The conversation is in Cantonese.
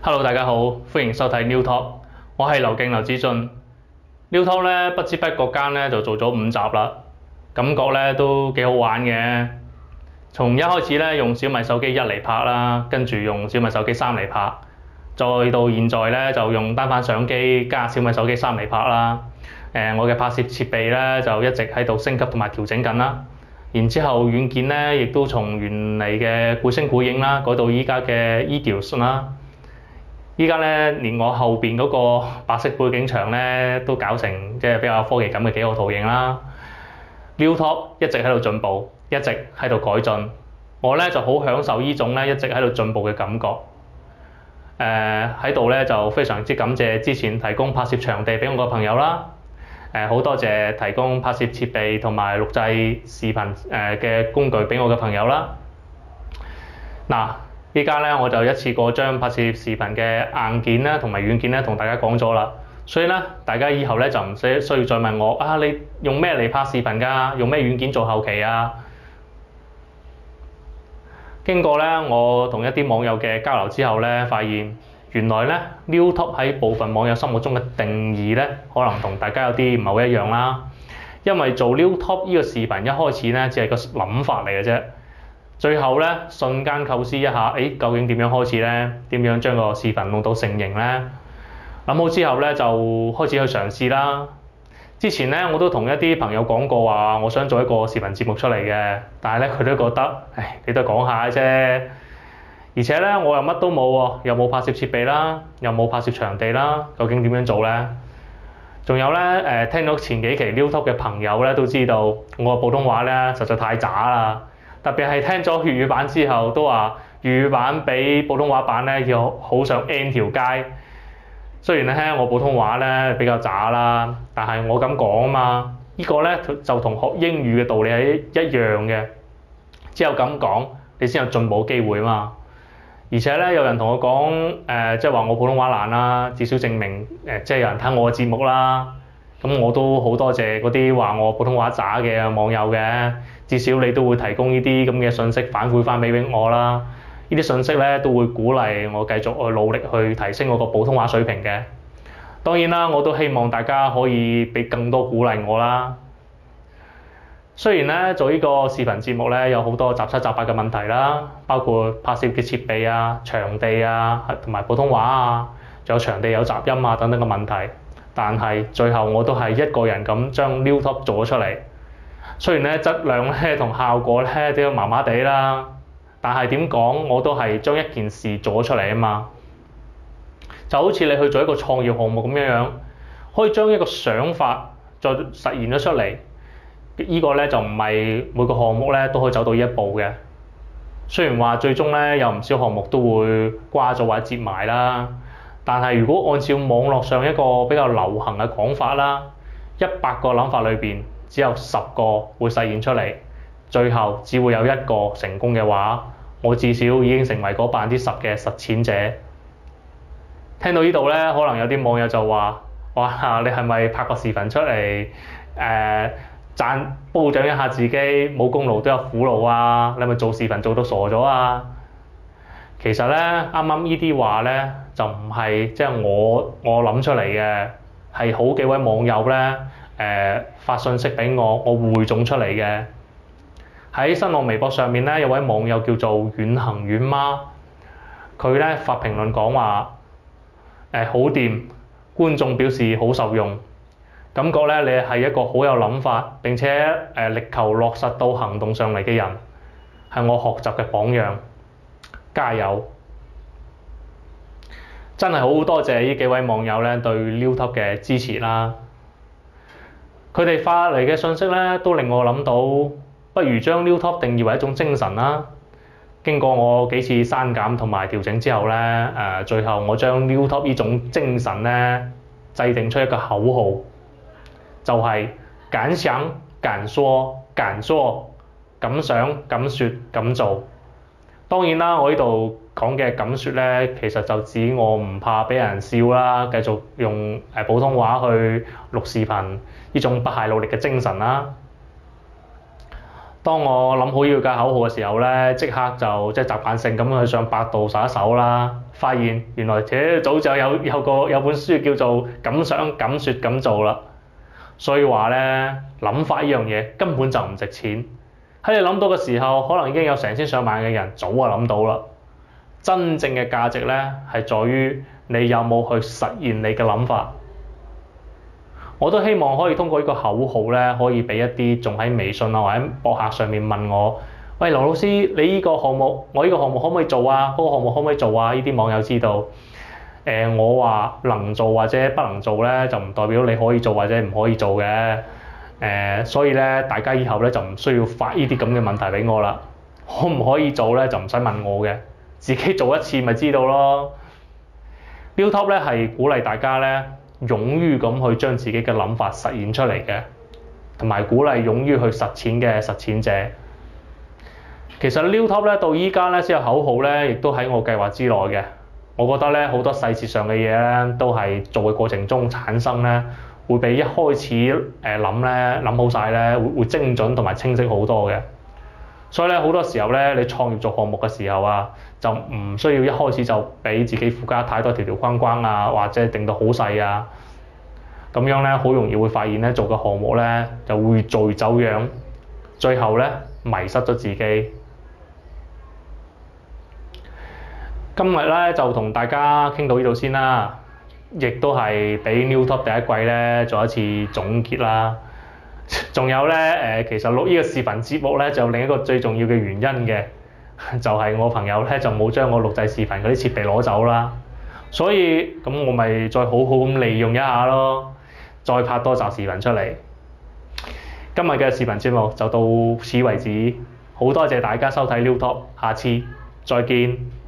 Hello，大家好，歡迎收睇 LiuTALK。我係劉敬劉子駿 LiuTALK 咧，不知不覺間咧就做咗五集啦，感覺咧都幾好玩嘅。從一開始咧用小米手機一嚟拍啦，跟住用小米手機三嚟拍。再到現在咧，就用單反相機加小米手機三嚟拍啦。誒、呃，我嘅拍攝設備咧就一直喺度升級同埋調整緊啦。然之後軟件咧亦都從原嚟嘅古聲古影啦，改到依家嘅 Edius 啦。依家咧連我後邊嗰個白色背景牆咧都搞成即係比較科技感嘅幾何圖形啦。New Top 一直喺度進步，一直喺度改進。我咧就好享受種呢種咧一直喺度進步嘅感覺。誒喺度咧就非常之感謝之前提供拍攝場地俾我嘅朋友啦，誒、呃、好多謝提供拍攝設備同埋錄製視頻誒嘅工具俾我嘅朋友啦。嗱、呃，依家咧我就一次過將拍攝視頻嘅硬件啦同埋軟件咧同大家講咗啦，所以咧大家以後咧就唔使需要再問我啊，你用咩嚟拍視頻㗎？用咩軟件做後期啊？經過咧，我同一啲網友嘅交流之後咧，發現原來咧，LiuTALK 喺部分網友心目中嘅定義咧，可能同大家有啲唔係好一樣啦。因為做 LiuTALK 呢個視頻，一開始咧只係個諗法嚟嘅啫。最後咧，瞬間構思一下，誒究竟點樣開始咧？點樣將個視頻弄到成型咧？諗好之後咧，就開始去嘗試啦。之前咧，我都同一啲朋友講過話，我想做一個視頻節目出嚟嘅，但係咧佢都覺得，唉，你都講下啫。而且咧，我又乜都冇喎，又冇拍攝設備啦，又冇拍攝場地啦，究竟點樣做呢？仲有咧，誒、呃，聽到前幾期 LiuTALK 嘅朋友咧都知道，我嘅普通話咧實在太渣啦，特別係聽咗粵語版之後，都話粵語版比普通話版咧要好上 n 條街。雖然咧我普通話咧比較渣啦，但係我咁講啊嘛，呢個咧就同學英語嘅道理係一一樣嘅，只有咁講，你先有進步嘅機會啊嘛。而且咧有人同我講，誒、呃、即係話我普通話難啦，至少證明誒、呃、即係有人睇我嘅節目啦。咁我都好多謝嗰啲話我普通話渣嘅網友嘅，至少你都會提供呢啲咁嘅信息反饋翻俾我啦。呢啲信息咧都會鼓勵我繼續去努力去提升我個普通話水平嘅。當然啦，我都希望大家可以俾更多鼓勵我啦。雖然咧做呢個視頻節目咧有好多雜七雜八嘅問題啦，包括拍攝嘅設備啊、場地啊、同埋普通話啊，仲有場地有雜音啊等等嘅問題，但係最後我都係一個人咁將 LiuTALK 做咗出嚟。雖然咧質量咧同效果咧都有麻麻地啦。但係點講？我都係將一件事做出嚟啊嘛！就好似你去做一個創業項目咁樣樣，可以將一個想法再實現咗出嚟。這個、呢個咧就唔係每個項目咧都可以走到呢一步嘅。雖然話最終咧有唔少項目都會掛咗或者摺埋啦，但係如果按照網絡上一個比較流行嘅講法啦，一百個諗法裏邊只有十個會實現出嚟。最後只會有一個成功嘅話，我至少已經成為嗰百分之十嘅實踐者。聽到呢度咧，可能有啲網友就話：哇，你係咪拍個視頻出嚟？誒、呃，讚褒獎一下自己，冇功勞都有苦勞啊！你係咪做視頻做到傻咗啊？其實咧，啱啱呢啲話咧，就唔係即係我我諗出嚟嘅，係好幾位網友咧誒、呃、發信息俾我，我匯總出嚟嘅。喺新浪微博上面咧，有位網友叫做遠行遠媽，佢咧發評論講，話誒，好掂，觀眾表示好受用，感覺咧你係一個好有諗法並且誒、呃、力求落實到行動上嚟嘅人，係我學習嘅榜樣，加油！真係好多謝呢幾位網友咧對 LiuTALK 嘅支持啦，佢哋發嚟嘅信息咧都令我諗到。不如將 LiuTALK 定義為一種精神啦。經過我幾次刪減同埋調整之後咧，誒、呃，最後我將 LiuTALK 呢種精神咧，制定出一個口號，就係敢想敢說敢做，敢想敢說，敢，說，敢，說敢做。當然啦，我講呢度講嘅敢說咧，其實就指我唔怕俾人笑啦，繼續用誒普通話去錄視頻，呢種不懈努力嘅精神啦。當我諗好要嘅口號嘅時候咧，即刻就即係、就是、習慣性咁去上百度搜一搜啦，發現原來誒、欸、早就有有個有本書叫做《敢想敢說敢做》啦。所以話咧，諗法呢樣嘢根本就唔值錢。喺你諗到嘅時候，可能已經有成千上萬嘅人早啊諗到啦。真正嘅價值咧，係在於你有冇去實現你嘅諗法。我都希望可以通過呢個口號咧，可以俾一啲仲喺微信啊或者博客上面問我，喂，劉老師，你呢個項目，我呢個項目可唔可以做啊？嗰、那個項目可唔可以做啊？呢啲網友知道，誒、呃，我話能做或者不能做咧，就唔代表你可以做或者唔可以做嘅。誒、呃，所以咧，大家以後咧就唔需要發呢啲咁嘅問題俾我啦。可唔可以做咧，就唔使問我嘅，自己做一次咪知道咯。LiuTALK 咧係鼓勵大家咧。勇於咁去將自己嘅諗法實現出嚟嘅，同埋鼓勵勇於去實踐嘅實踐者。其實 LiuTALK 咧到依家咧先有口號咧，亦都喺我計劃之內嘅。我覺得咧好多細節上嘅嘢咧，都係做嘅過程中產生咧，會比一開始誒諗咧諗好晒咧，會會精準同埋清晰好多嘅。所以咧，好多時候咧，你創業做項目嘅時候啊，就唔需要一開始就俾自己附加太多條條框框啊，或者定到好細啊，咁樣咧，好容易會發現咧，做嘅項目咧就會越走樣，最後咧迷失咗自己。今日咧就同大家傾到呢度先啦，亦都係俾 New Top 第一季咧做一次總結啦。仲有呢，誒、呃，其實錄呢個視頻節目呢，就另一個最重要嘅原因嘅，就係、是、我朋友呢，就冇將我錄製視頻嗰啲設備攞走啦，所以咁我咪再好好咁利用一下咯，再拍多集視頻出嚟。今日嘅視頻節目就到此為止，好多謝大家收睇 LiuTALK，下次再見。